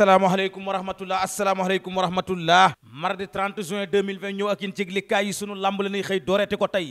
asalaamaaleykum wa rahmatullah asalaamaaleykum wa rahmatullah mardi 30 juin 2020 ñëw ak yéen ci yëglikaay yi sunu lamb la ñuy xëy dooreete ko tey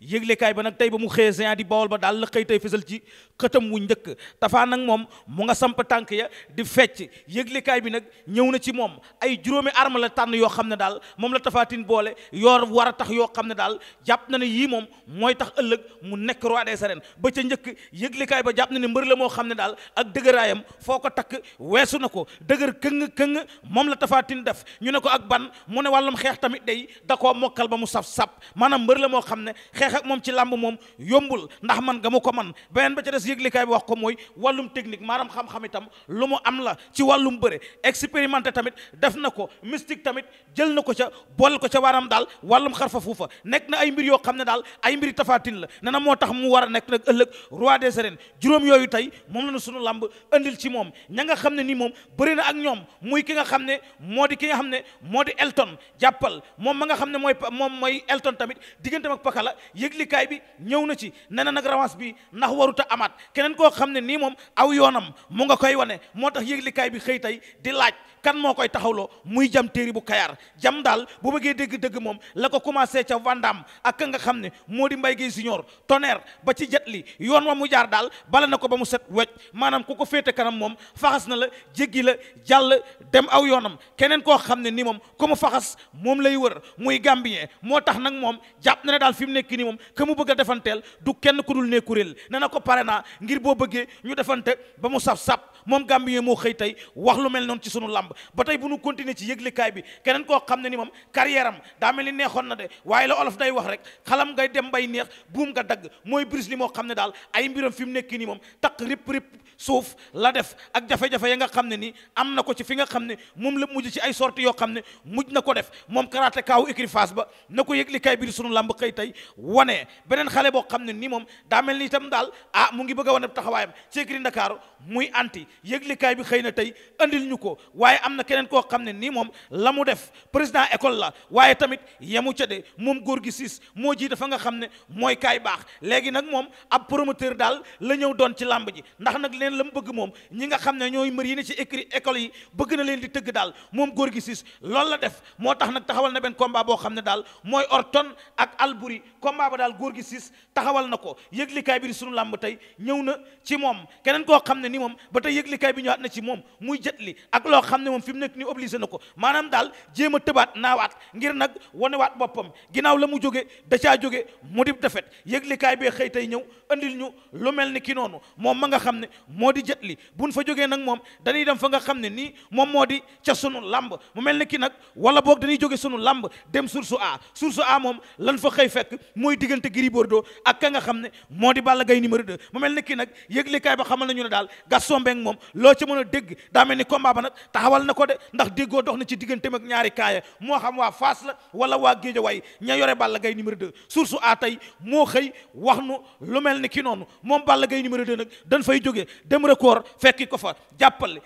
yëglekaay ba nag tey ba mu xëyee géant di bawol ba daal la xëy tey fësal ci xëtam wu njëkk tafaa nag moom mu nga samp tànk ya di fecc yëglekaay bi nag ñëw na ci moom ay juróomi arme la tànn yoo xam ne daal moom la tafaatin boole yoor war a tax yoo xam ne daal jàpp na ne yii moom mooy tax ëllëg mu nekk roi des arènes ba ca njëkk yëglekaay ba jàpp na ne mbari la moo xam ne daal ak dëgëraayam foo ko takk weesu na ko dëgër këng këng moom la tafaatin def ñu ne ko ak ban mu ne wàllum xeex tamit day da koo mokkal ba mu saf sap maanaam mbër moo xam xeex moom ci làmb moom yombul ndax man nga mu ko man beneen ba ca des yëglikaay bi wax ko mooy wallum technique maanaam xam-xam itam lu mu am la ci wàllum bëre expérimenté tamit def na ko mystique tamit jël na ko ca bool ko ca waram daal wàllum xarfa fuufa nekk na ay mbir yoo xam ne daal ay mbiri tafaatin la ne na moo tax mu war a nekk nag ëllëg roi des arènes juróom yooyu tey moom la ñu sunu làmb andil ci moom ña nga xam ne nii moom bëri na ak ñoom muy ki nga xam ne moo di ki nga xam ne moo di Elton jàppal moom ma nga xam ne mooy moom mooy Elton tamit digganteem ak Pakala yëglikaay bi ñëw na ci nee na nag revanche bi ndax waruta amaat keneen koo xam ne nii moom aw yoonam mu nga koy wane moo tax yëglikaay bi xëy tey di laaj kan moo koy taxawloo muy jam téeri bu kayaar jam daal bu bëggee dégg-dëgg moom la ko commencé ca Vandam ak ka nga xam ne moo di Mbaye Guèye Junior tonnerre ba ci jet li yoon wa mu jaar daal bala na ko ba mu set wecc maanaam ku ko féete kanam moom faxas na la jéggi la jàll dem aw yoonam keneen koo xam ne ni moom ku mu faxas moom lay wër muy gambien moo tax nag moom jàpp na ne daal fi mu nekk nii moom ka mu bëgg a defanteel du kenn ku dul ne kuréel ne na ko pare naa ngir boo bëggee ñu defante ba mu saf-sap moom Gambien moo xëy tey wax lu mel noonu ci sunu làmb ba tey bu nu continuer ci yëglekaay bi keneen koo xam ne ni moom carrière daa mel ni neexoon na de waaye la olof day wax rek xalam ngay dem bay neex buum nga dagg mooy Bruce Lee moo xam ne daal ay mbiram fi mu nekk nii moom takk rip rip suuf la def ak jafe ya nga xam ne nii am na ko ci fi nga xam ne moom la mujj ci ay sorties yoo xam ne mujj na ko def moom karaté kaaw écrit face ba na ko yëglekaay bi di sunu làmb tey wane beneen xale boo xam ne ni moom daa mel ni daal ah mu ngi bëgg a wane taxawaayam ci écrit Ndakaaru muy anti yëglikaay bi xëy na tey andil ñu ko waaye am na keneen koo xam ne nii moom la mu def président école la waaye tamit yemu ca de moom góor gi siis moo ji dafa nga xam ne mooy kaay baax léegi nag moom ab promoteur daal la ñëw doon ci làmb ji ndax nag leen la mu bëgg moom ñi nga xam ne ñooy mbër yi ne ci écrit école yi bëgg na leen di tëgg daal moom góor gi siis loolu la def moo tax nag taxawal na benn combat boo xam ne daal mooy Orton ak Albury combat ba daal góor gi siis taxawal na ko yëglikaay bi di sunu tey ñëw na ci moom keneen koo xam ne ni moom ba tey yëglikaay bi ñëwaat na ci moom muy jët li ak loo xam ne moom fi mu nekk ni obligé na ko maanaam daal jéem a tëbaat naawaat ngir nag wanewaat boppam ginnaaw la mu jóge da caa jóge mu dib defet yëglikaay bee xëy tey ñëw andil ñu lu mel ni ki noonu moom ma nga xam ne moo di jët li buñ fa jógee nag moom dañuy dem fa nga xam ne nii moom moo di ca sunu làmb mu mel ni ki nag wala boog dañuy jóge sunu làmb dem source a source a moom lan fa xëy fekk mooy diggante Gris Bordeaux ak ka nga xam ne moo di Balla Gaye numéro 2 mu mel ni ki nag yëglikaay ba xamal nañu ne daal Gaston Mbengue moom loo ci mën a dégg daa mel ni combat ba nag taxawal na ko de ndax déggoo dox na ci digganteem ak ñaari kaaya moo xam waa Fass la wala waa Géejawaay ña yore Balla Gaye numéro 2 source a tey moo xëy wax nu lu mel ni kii noonu moom Balla Gaye numéro 2 nag dañ fay jógee dem record fekki ko fa jàppale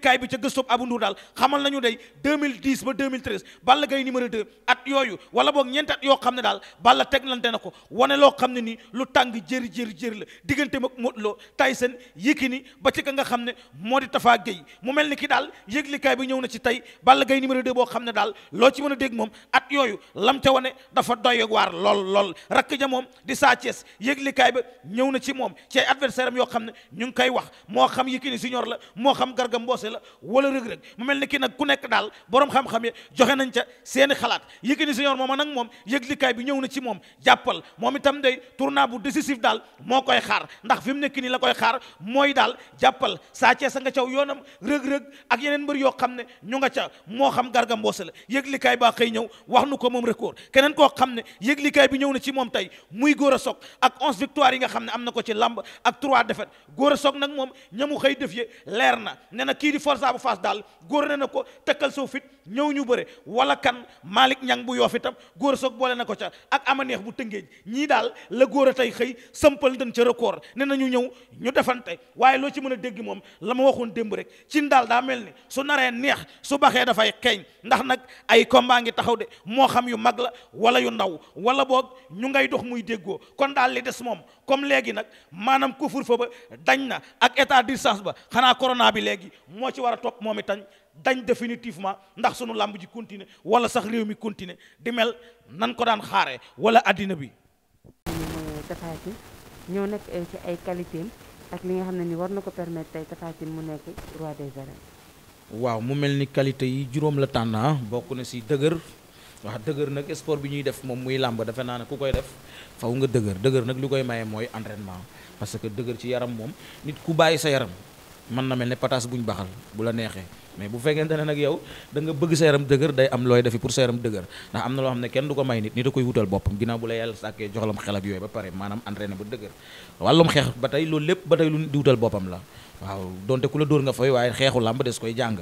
kaay bi ca gëstoob Abou Ndour daal xamal nañu day 2010 ba 2013 gay Gaye numéro 2 at yooyu wala boog ñeenti at yoo xam ne daal Balla teglante na ko wane loo xam ne nii lu tàng jëri jëri jëri la digganteem ak Modou Lo Tyson Yékini ba ci moo di Tafa Gueye mu mel ni ki daal yëglikaay bi ñëw na ci tey Balla Gaye numéro 2 boo xam ne daal loo ci mën a dégg moom at yooyu lam ca wane dafa doy waar lool lool rakk ja moom di Sa Thiès yëglikaay ba ñëw na ci moom ci ay yoo xam ne ñu ngi koy wax moo xam Yékini Junior la moo xam Garga Mbossé la wala Reug Reug mu mel ni ki nag ku nekk daal borom xam-xam yi joxe nañ ca seeni xalaat Yékini moo ma nag moom yëglikaay bi ñëw na ci moom jàppal moom itam day tournant bu décisif daal moo koy xaar ndax fi mu nekk nii la koy xaar mooy daal jàppal Sa Thiès a nga caw yoonam rëg-rëg ak yeneen mbër yoo xam ne ñu nga ca moo xam garga mboose la yëglikaay baa xëy ñëw wax nu ko moom record keneen koo xam ne yëglikaay bi ñëw na ci moom tey muy góor a soog ak onze victoire yi nga xam ne am na ko ci lamb ak trois défaites góor a nag moom ñamu xëy def ye leer na ne na kii di forsa bu faas daal góor ne na ko tëkkal soo fit ñëw ñu bëre wala kan Malick Ñang bu yoof itam góor a boole na ko ca ak amaneex bu tëngeej ñii daal la góor a tey xëy sëmpal dën ca record ne na ñu ñëw ñu defan tey waaye loo ci mën a dégg moom la ma waxoon démb rek cin daal daa mel ni su naree neex su baxee dafay xeeñ ndax nag ay combat ngi taxaw de moo xam yu mag la wala yu ndaw wala boog ñu ngay dox muy déggoo kon daal li des moom comme léegi nag maanaam couvre-feu ba dañ na ak état d'urgence ba xanaa corona bi léegi moo ci war a topp moom itam dañ définitivement ndax sunu làmb ji continuer wala sax réew mi continuer di mel nan ko daan xaaree wala àddina bi. ñoo nekk ak li nga xam ne ni war na ko permettre tey Tapha Tine mu nekk roi des arènes. waaw mu mel ni qualité yi juróom la tànn ah, bokk na si dëgër wax dëgër nag sport bi ñuy def moom muy làmb defe naa ne ku koy def faw nga dëgër dëgër nag lu koy maye mooy entraînement parce que dëgër ci yaram moom nit ku bàyyi sa yaram. mën na mel ne pataas buñ baxal bu la neexee mais bu fekkente ne nag yow da nga bëgg sa yaram dëgër day am looy def pour sa yaram dëgër ndax am na loo xam ne kenn du ko may nit nit a koy wutal boppam ginnaaw bu la yàlla sàkkee joxalam xelak yooyu ba pare maanaam entraîné ba dëgër wàllum xeex ba tey loolu lépp ba tey lu di wutal boppam la waaw donte ku la dóor nga fay waaye xeexu làmb des koy jàng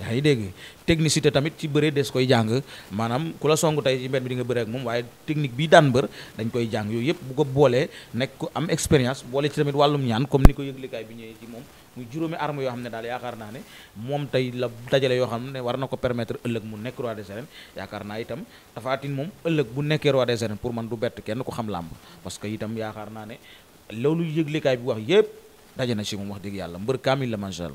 yaa yi dégg technicité tamit ci bëree des koy jàng maanaam ku la song tey ci mbedd bi di nga bëree ak moom waaye technique bi daan bër dañ koy jàng yooyu yëpp bu ko boolee nekk am expérience boole ci tamit wàllum ñaan comme ni ko yëglikaay bi ñëwee ci moom muy juróomi arme yoo xam ne daal yaakaar naa ne moom tey la dajale yoo xam ne war na ko permettre ëllëg mu nekk roi des yaakaar naa itam tafaatin moom ëllëg bu nekkee roi des pour man du bett kenn ko xam làmb parce que itam yaakaar naa ne loolu yëglikaay bi wax yëpp daje na ci moom wax dëgg yàlla mbër kaamil la macha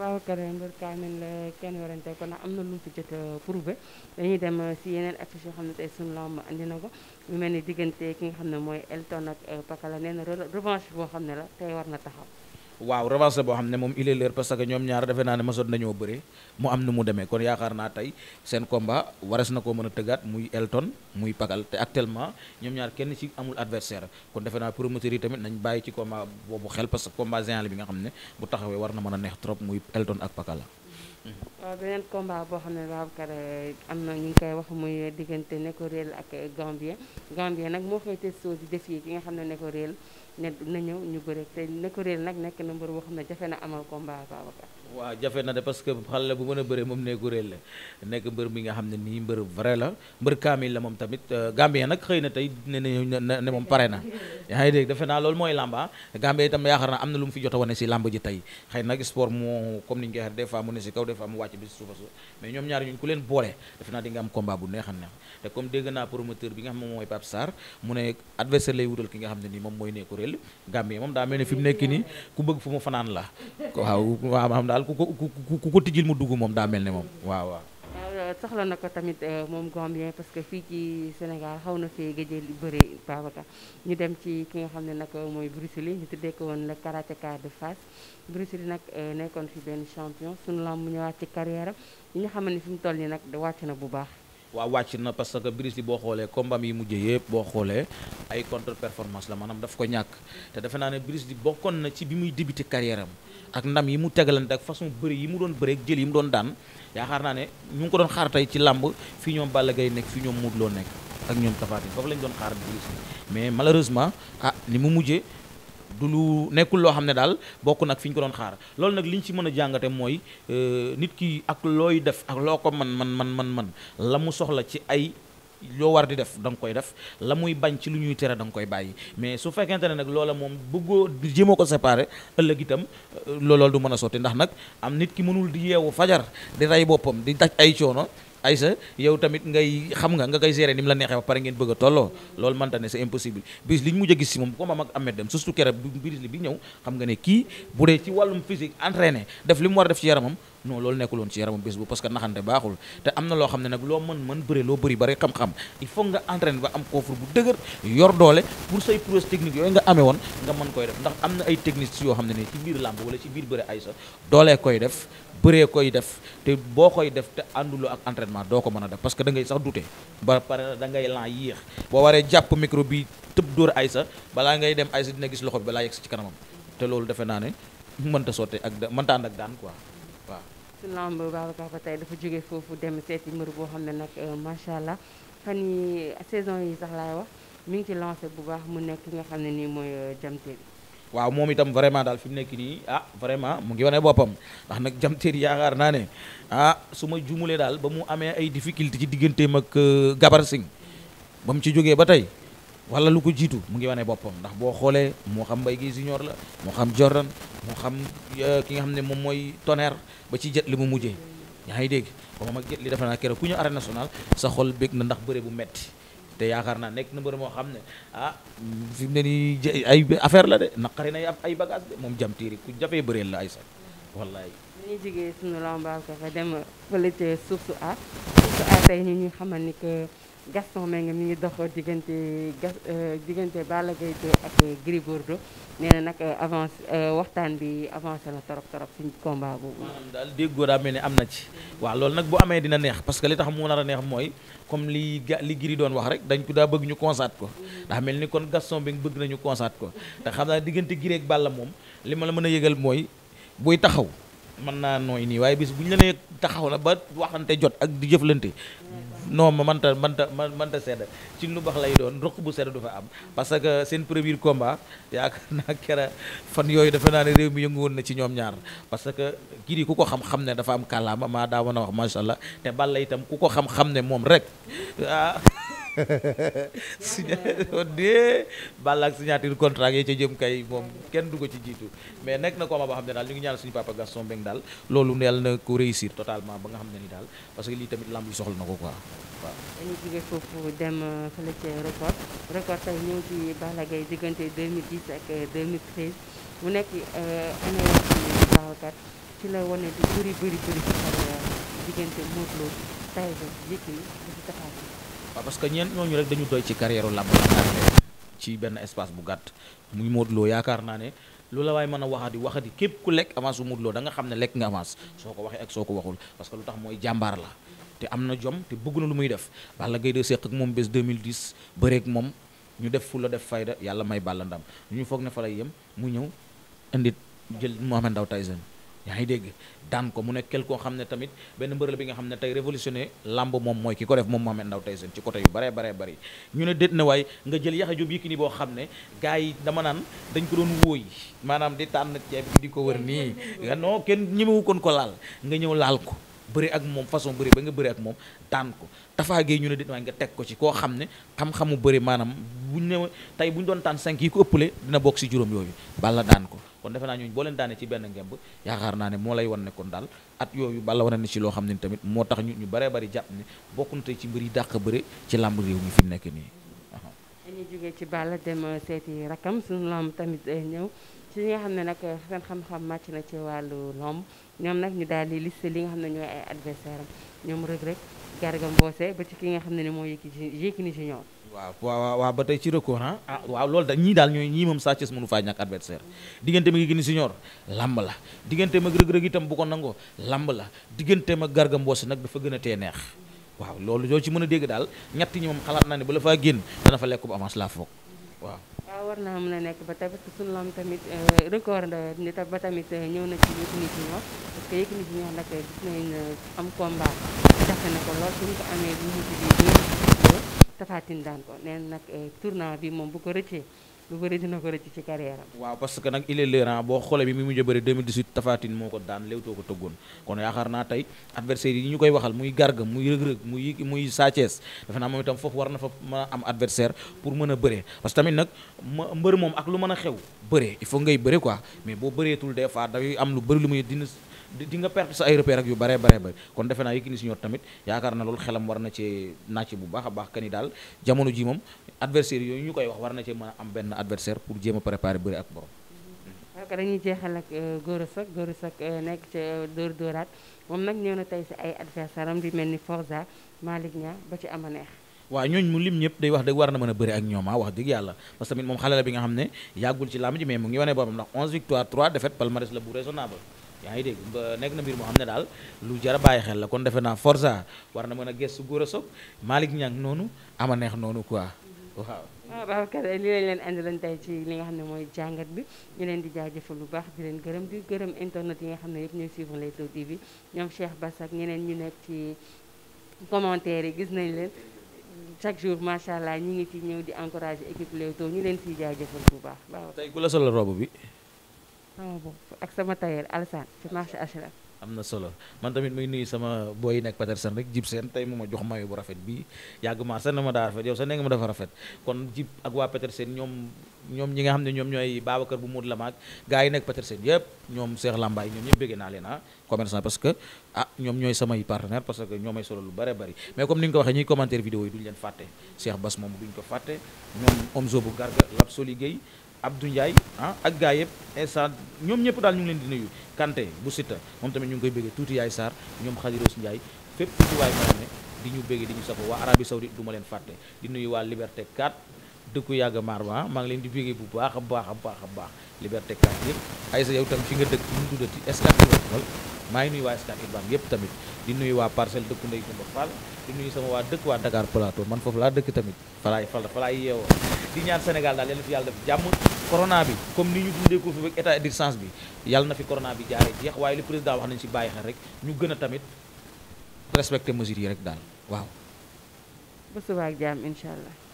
Babacar Mbër Kamil kenn werante ko ndax am na lu mu fi jot a prouvé dañuy dem si yeneen affiche yoo xam ne tey suñu lamb andi na ko mu mel ni diggante ki nga xam ne mooy Elton ak Pakala nee na revanche boo xam ne la tey war na taxaw. waaw revanche boo xam ne moom il est parce que ñoom ñaar defe naa ne masoon nañoo bëre mu am nu mu demee kon yaakaar naa tey seen combat wares na koo mën a tëggaat muy Elton muy Pakal te actuellement ñoom ñaar kenn ci amul adversaire kon defe naa promoteur yi tamit nañ bàyyi ci combat boobu xel parce que combat géant bi nga xam ne bu taxawee war na mën a neex trop muy Elton ak Pakal la. waaw beneen combat boo xam ne Babacar eh, ñu ngi koy wax muy di ne na ñëw ñu bëre te ko Réel nag nekk na mbër boo xam ne jafe na amal combat Babacar waaw jafe na de parce que xale la bu mën a bëree moom nee kuréel nekk mbër mi nga xam ne nii moom mooy lamba Gambien itam moom daa mel ne fi nekk nii ku bëgg fu mu fanaan la waaw daal ku ko ku ko tijjil mu dugg moom daa mel ne moom waaw waaw. Euh, soxla na ko tamit euh, moom Gambien parce que fii ci Sénégal xaw na fee gëjee lu bëri Babacar ñu dem ci ki nga xam ne nag mooy Bruce li ñu tuddee ko woon le karatéka de Fass Bruce Lee nag euh, nekkoon fi benn champion suñu lamb mu ñëwaat ci carrière am ñi nga xam ne fi mu toll nii nag wàcc na bu baax. waaw wàcc na parce que Bruce Lee boo xoolee combat yi mujjee yëpp boo xoolee ay contre performance la maanaam daf ko ñàkk te defe naa ne Bruce Lee bokkoon na ci bi muy débuté carrière am. ak ndam yi mu tegalante ak façon bëri yi mu doon bëri ak jël yi mu doon daan yaakaar naa ne ñu ngi ko doon xaar tey ci làmb fii ñoom Balla gay nekk fii ñoom Modou loo nekk ak ñoom Tapha Tine foofu lañ doon xaar bi mais malheureusement ah li mu mujjee du nekkul loo xam ne daal bokk nag fi ñu ko doon xaar loolu nag li ñu ci mën a jàngate mooy euh, nit kii ak looy def ak loo ko man man man man man la mu soxla ci ay loo war di def da koy def la muy bañ ci lu ñuy tere da nga koy bàyyi mais su fekkente ne nag loola moom bëggoo jéemoo ko séparer ëllëg itam euh, loolool du mën a sotti ndax nag am nit ki mënul di yeewu fajar di rey boppam di daj ay coono Aïssa yow tamit ngay xam nga nga koy gérer ni mu la neexee ba pare ngeen bëgg tolloo loolu manta ne c'est impossible bis li ñu mujj a gis si moom bu ko maam ak Ahmed dem surtout keroog bi li bi ñëw xam nga ne kii bu dee ci wàllum physique entraîné def li mu war a def ci yaramam non loolu nekkul woon ci yaramam bis bu parce que naxante baaxul te am na loo xam ne nag loo mën mën bëri loo bëri bari xam-xam il faut nga entraîné ba am coffre bu dëgër yor doole pour say prouesse technique nga amee woon nga mën am na ay techniques yoo xam ne ne ci biir biir bëri Aïssa doolee koy def bëree koy def te boo koy def te ànduloo ak entraînement doo ko mën a def parce que da ngay sax dute ba pare da ngay lan yéex boo waree jàpp micro bi tëb dóor aysa balaa ngay dem aysa dina gis loxo bi balaa yegg si ci kanamam te loolu defe naa ne mënta sotte ak mënta ànd ak daan quoi waaw su lamb Babacar ba tey dafa jóge foofu dem seeti mbër boo xam ne nag euh, macha allah fan yi saison yi sax laay wax mi ngi ci bu baax mu nekk nga xam ne nii mooy euh, waaw moom itam vraiment daal fi mu nekk nii ah vraiment mu ngi wane boppam ndax nag jamteer yaakaar naa ne ah su ma jumulee daal ba mu amee ay difficulté ci digganteem ak euh, Gabar Singh ba mu ci jógee ba tey wala lu ko jiitu mu ngi wane boppam ndax boo xoolee moo xam Mbaye Guèye Junior la moo xam Jordan moo xam euh, ki nga xam ne moom mooy tonnerre ba ci jet li mu mujjee yaa ngi dégg ba moom ak jet li defe naa keroog ku ñu arène nationale sa xol bég na ndax bëre bu metti te yaakaar na nekk na mbër moo xam ne ah fi ne nii ay affaire la de naqari na ay bagage de moom jam tiiri ku jafee bëreel la ay sax wallaay ñu jógee suñu lambaar ko fa dem fële ca suuf su a su a tey ñu ñu xamal ni Gaston Mbengue mi ngi dox diggante gas euh, diggante Balla Gaye 2 ak Gris Bordeaux nee na euh, avance euh, waxtaan bi avancé na torop torop ci combat boobu. maanaam daal déggoo daa mel ni am na ci. waaw loolu nag bu amee dina neex parce que li tax mu nar a neex mooy comme li ga li Gris doon wax rek dañ ko daa bëgg ñu constate ko. ndax mel ni kon Gaston Mbengue bëgg nañu constate ko te xam naa diggante Gris ak Balla moom li ma la mën a yëgal mooy buy taxaw. mën naa nooy nii waaye bis bu ñu la nee taxaw na ba waxante jot ak di jëflante non ma mënta mënta mënta sedd ci lu baax lay doon roq bu sedd du fa am parce que seen premier combat yaakaar naa kera fan yooyu dafa naa ne réew mi yëngu woon na ci ñoom ñaar parce que kii Gris ku ko xam-xam ne dafa am kàllaama maa daa mën a wax macha allah te Balla itam ku ko xam-xam ne moom rek ah. signature de Balla ak signature contrat yi ca jëm kay moom kenn du ci jiitu mais nekk na combat boo xam ne daal ñu ngi ñaan suñu papa Gaston Mbengue daal loolu neel na ko réussir totalement ba nga xam ne ni daal parce que lii tamit lamb yi soxla na ko quoi waaw. dañuy jóge foofu dem euh, fële ca record record tey ñëw ci Balla Gaye diggante 2010 ak 2013 euh, mu nekk année euh, Babacar ci la wane di bëri bëri bëri ci xar diggante parce que ñeent ñooñu rek dañu doy ci carrière làmb ci benn espace bu gàtt muy Modou loo yaakaar naa ne lu la waay mën a waxati waxati képp ku lekk avance bu Modou Lo da nga xam ne lekk nga avance soo ko waxee ak soo ko waxul parce que lu tax mooy jàmbaar la te am na jom te bëgg na lu muy def Balla gay de seq ak moom bés 2010 bareek moom ñu def fu la def fayda yàlla may Balla ndam ñu foog ne fa lay yem mu ñëw indi jël Mohamed Ndao Tyson yaa ngi dégg daan ko mu nekk quelque koo xam ne tamit benn mbër la bi nga xam ne tey révolutionné lamb moom mooy ki ko def moom Mohamed Ndao Tyson ci côté yu baree baree bëri ñu ne déet na waay nga jël Yaxya Joob Yékini boo xam ne gars yi dama naan dañ ko doon wóoy maanaam di tànn ceeb bi di ko wër nii non kenn ñemewu kon ko laal nga ñëw laal ko bëri ak moom façon bëri ba nga bëri ak moom daan ko Tafa Gueye ñu ne déet waay nga teg ko ci koo xam ne xam-xamu bëri maanaam bu buñ new tey bu ñu doon tànn cinq yi ko ëppale dina bokk si juróom yooyu Balla daan ko kon defe naa ñooñu boo leen daanee ci benn ngemb yaakaar naa ne moo lay wan ne kon daal at yooyu Balla wane na ci loo xam ne tamit moo tax ñu ñu baree bari jàpp ne bokk ci mbir yi dàq bëre ci làmb réew mi fi nekk nii dañuy jógee ci Balla dem seeti rakam suñu làmb tamit ñëw nga xam ne nag xam-xam màcc na ci wàllu làmb ñoom nag ñu daal di liste li nga xam ne ñooy ay adversaire am ñoom Reug Reug Garga Mbossé ba ci ki nga xam ne ni moo yëkki ci yëkki ni ci ñoom waaw waaw waa ba tey ci record ah ah waaw loolu da ñii daal ñooy ñii moom Sa Thiès mënu faa ñàkk adversaire diggante ma gi gini senior lamb la diggante mag rëg-rëg itam bu ko nangoo lamb la diggante mag garga mboos nag dafa gën a tee neex waaw loolu doo ci mën a dégg daal ñett ñi moom xalaat naa ne ba la faa génn dana fa lekk bu avance laa foog waaw waaw war naa mën a nekk ba tey parce que suñu lam tamit euh, record ni ba tamit euh, ñëw na ci Yékini Junior parce Tafatine daan ko nee nag eh, tournant bi moom bu ko rëccee lu bëri dina ko rëcc ci carrière waaw parce que nag il est boo xoolee bi mu mujj a bëri 2018 Tafatine moo ko daan Leewtoo ko tëggoon kon yaakaar naa tey adversaire yi ñu koy waxal muy Garga muy Rëg-Rëg muy muy Sa naa moom itam foofu war na fa mën a am adversaire pour mën a bëree parce que tamit nag mbër moom ak lu mën a xew bëree il faut ngay bëree quoi mais boo bëreetul des fois dafay am lu bëri lu muy dina. di nga perte sa ay repère yu bare bare bare kon defe naa Yékini Junior tamit yaakaar na lool xelam war na cee nàcc bu baax a baax kani daal jamono ji moom adversaire yooyu ñu koy wax war a am benn a nag ñëw na tey si ay adversaire am di mel ni Forza Malick Niang ba ci ama neex waaw ñooñu mu lim ñëpp day wax dëgg war na mën a bëri ak ñoom ah, wax dëgg yàlla parce moom xale la bi nga xam ne yàggul ci làmb ji mais mu ngi wane boppam ndax 11 victoire 3 défaite palmarès la bu raisonnable yaa ngi dégg nekk na mbir moo xam ne daal lu jar a bàyyi xel la kon defe naa forsa war na mën a gëstu góor a soog Malick Niang noonu ama neex noonu quoi waaw. waaw ah, Babacar li lañ leen lañ tey ci li nga xam ne mooy jàngat bi ñu leen di jaajëfal lu baax di leen gërëm di gërëm internet yi nga xam ne yëpp ñooy suivre Leewtoo TV ñoom Cheikh Bass ak ñeneen ñu nekk ci commentaire yi gis nañ leen chaque jour macha allah ñu ngi ci ñëw di encourager équipe Leewtoo ñu leen ciy jaajëfal bu baax. waaw tey ku la solo robe bi. sama bopp ak sama tailleur Alassane ci marché HLM. am na solo man tamit muy nuyu sama boy nekk Petersen rek jib seen tey mu ma jox mayo bu rafet bi yàgg maa sax ma daa rafet yow sax ne nga ma dafa rafet kon jib ak waa Petersen ñoom ñoom ñi nga xam ne ñoom ñooy Babacar bu yi nekk Petersen yëpp ñoom Cheikh Lambaay ñoom ñëpp bëggee naa leen ah parce que ah ñoom ñooy samay partenaire parce que ñoomay solo lu bare bari mais comme ni nga ko waxee ñuy commentaire Abdou Ndiaye ah ak gaa yëpp instant ñoom ñëpp daal ñu leen di nuyu Kanté bu Siteu moom tamit ñu ngi koy bëggee tuuti Yaay Sarr ñoom Khadiros Ndiaye fépp ci waay ma ne di ñu bëggee di ñu safo waa Arabie Saoudite du leen fàtte di nuyu waa Liberté 4 dëkku yàgg maar ba ah, maa ngi leen di bëggee bu baax a baax a baax a baax Liberté 4 yëpp ay sa yow tam fi nga dëkk ñu tuddati Scat Urbam maa ngi nuyu waa Scat Urbam yëpp tamit di nuyu waa parcelle dëkku Ndeye Coumba Fall di nuyu sama waa dëkk waa Dakar Plateau man foofu laa dëkk tamit falaay fal falaay yeewoo di ñaan Sénégal daal yàlla fi yàlla def jàmm corona bi comme ni ñu dundee ko fi état d'urgence bi yàlla na fi corona bi jaaree jeex waaye li président wax nañ si bàyyi xel rek ñu gën a tamit respecté mesures yi rek daal waaw ba subaak jàmm incha